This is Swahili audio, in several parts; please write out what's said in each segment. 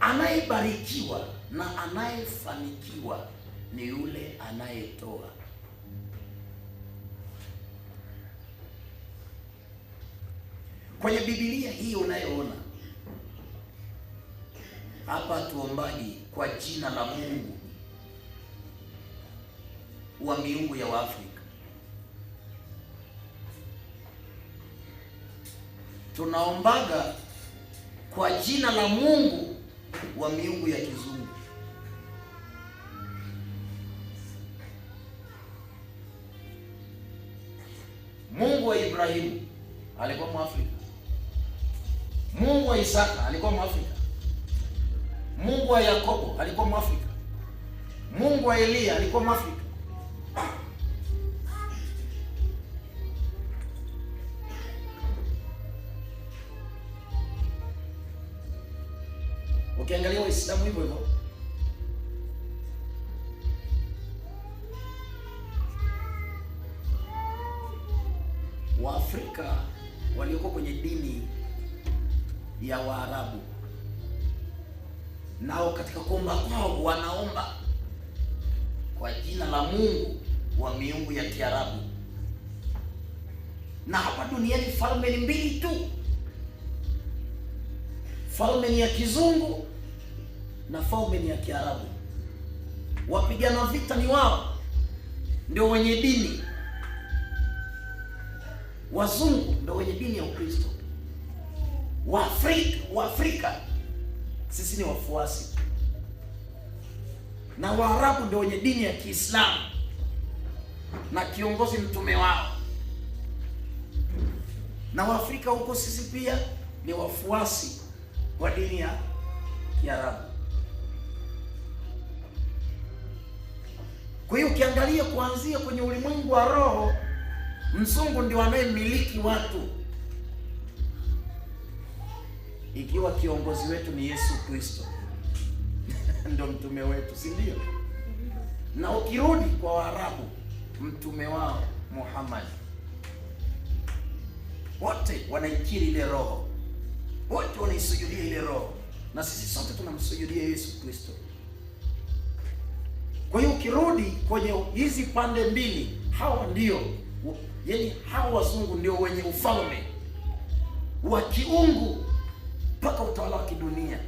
Anayebarikiwa na anayefanikiwa ni yule anayetoa. Kwenye Biblia hii unayoona hapa, tuombaji kwa jina la Mungu wa miungu ya Waafrika tunaombaga kwa jina la Mungu wa miungu ya kizungu. Mungu wa Ibrahimu alikuwa Mwafrika. Mungu wa Isaka alikuwa Mwafrika. Mungu wa Yakobo alikuwa Mwafrika. Mungu wa Eliya alikuwa Mwafrika. Ukiangalia Waislamu hivyo hivyo Waafrika walioko kwenye dini ya Waarabu nao katika kuomba kwao wanaomba kwa jina la Mungu wa miungu ya Kiarabu. Na hapa duniani falme ni mbili tu, falme ni ya kizungu na falme ni ya Kiarabu. Wapigana vita ni wao, ndio wenye dini. Wazungu ndio wenye dini ya Ukristo. Waafrika Waafrika sisi ni wafuasi, na Waarabu ndio wenye dini ya Kiislamu na kiongozi mtume wao, na Waafrika huko sisi pia ni wafuasi wa dini ya Kiarabu. Kwa hiyo ukiangalia kuanzia kwenye ulimwengu wa roho, mzungu ndio anayemiliki watu. Ikiwa kiongozi wetu ni Yesu Kristo ndio mtume wetu, si ndio? Na ukirudi kwa Waarabu, mtume wao Muhammad, wote wanaikiri ile roho, wote wanaisujudia ile roho, na sisi sote tunamsujudia Yesu Kristo. Kwa hiyo ukirudi kwenye hizi pande mbili, hawa ndio yaani, hawa wazungu ndio wenye ufalme wa kiungu mpaka utawala wa kidunia.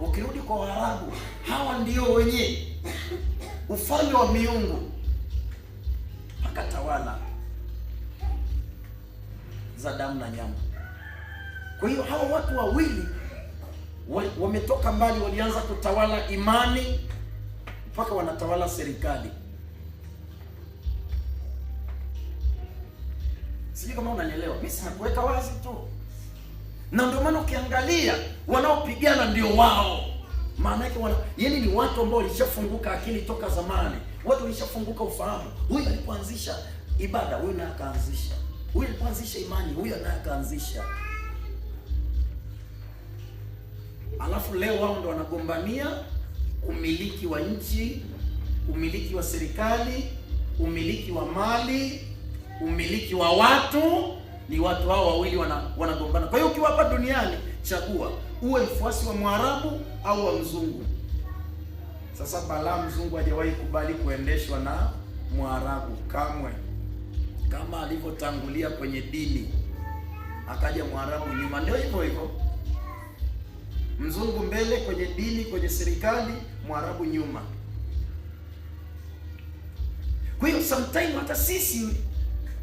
Ukirudi kwa Waarabu, hawa ndio wenye ufalme wa miungu mpaka tawala za damu na nyama. Kwa hiyo hawa watu wawili wametoka mbali, walianza kutawala imani mpaka wanatawala serikali. Sijui kama unanielewa, mimi sinakuweka wazi tu, na ndio maana ukiangalia wanaopigana ndio wao. Maana yake wana yani, ni watu ambao walishafunguka akili toka zamani, watu walishafunguka ufahamu. Huyu alipoanzisha ibada, huyu naye akaanzisha, huyu alipoanzisha imani, huyu naye akaanzisha alafu leo wao ndo wanagombania umiliki wa nchi, umiliki wa serikali, umiliki wa mali, umiliki wa watu. Ni watu hao wawili wanagombana, wana. Kwa hiyo ukiwa hapa duniani, chagua uwe mfuasi wa Mwarabu au wa mzungu. Sasa Balaa mzungu hajawahi kubali kuendeshwa na Mwarabu kamwe, kama alivyotangulia kwenye dini akaja Mwarabu nyuma, ndio hivyo hivyo mzungu mbele kwenye dini, kwenye serikali, mwarabu nyuma. Kwa hiyo sometimes hata sisi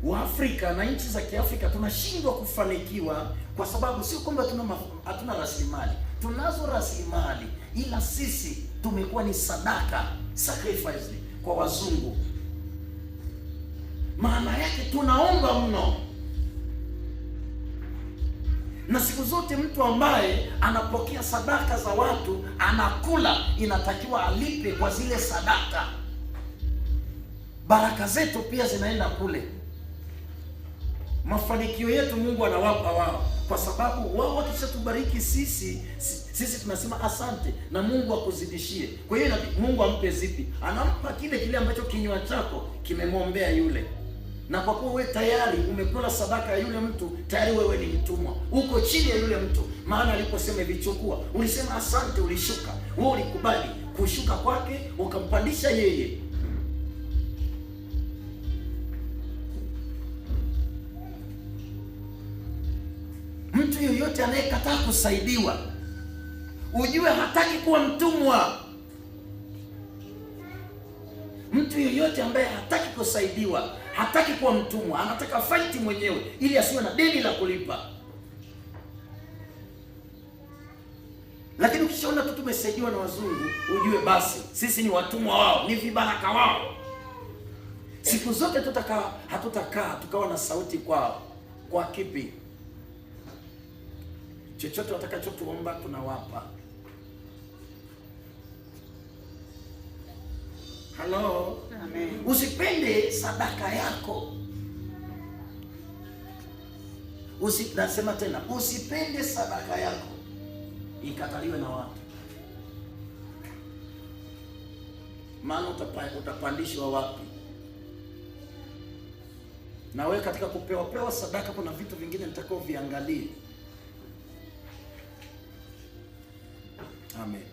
Waafrika na nchi za Kiafrika tunashindwa kufanikiwa kwa sababu sio kwamba hatuna rasilimali, tunazo rasilimali, ila sisi tumekuwa ni sadaka sacrifice kwa wazungu. Maana yake tunaomba mno na siku zote mtu ambaye anapokea sadaka za watu anakula, inatakiwa alipe kwa zile sadaka. Baraka zetu pia zinaenda kule, mafanikio yetu Mungu anawapa wao, kwa sababu wao wakishatubariki sisi, sisi tunasema asante na Mungu akuzidishie. Kwa hiyo Mungu ampe zipi? Anampa kile kile ambacho kinywa chako kimemwombea yule na kwa kuwa wewe tayari umekula sadaka ya yule mtu, tayari wewe ni mtumwa, uko chini ya yule mtu. Maana aliposema ivichukua, ulisema asante, ulishuka wewe, ulikubali kushuka kwake, ukampandisha yeye. Mtu yoyote anayekataa kusaidiwa, ujue hataki kuwa mtumwa. Mtu yoyote ambaye hataki kusaidiwa hataki kuwa mtumwa, anataka faiti mwenyewe ili asiwe na deni la kulipa. Lakini ukishaona tu tumesaidiwa na wazungu, ujue basi sisi ni watumwa wao, ni vibaraka wao. Siku zote tutakaa, hatutakaa tukawa na sauti kwao. Kwa kipi? Chochote watakachotuomba tunawapa. Hello. Amen. Usipende sadaka yako Usi, nasema tena usipende sadaka yako ikataliwe na watu, maana utapandishwa wapi? Na wewe katika kupewa pewa sadaka, kuna vitu vingine nitakao viangalie. Amen.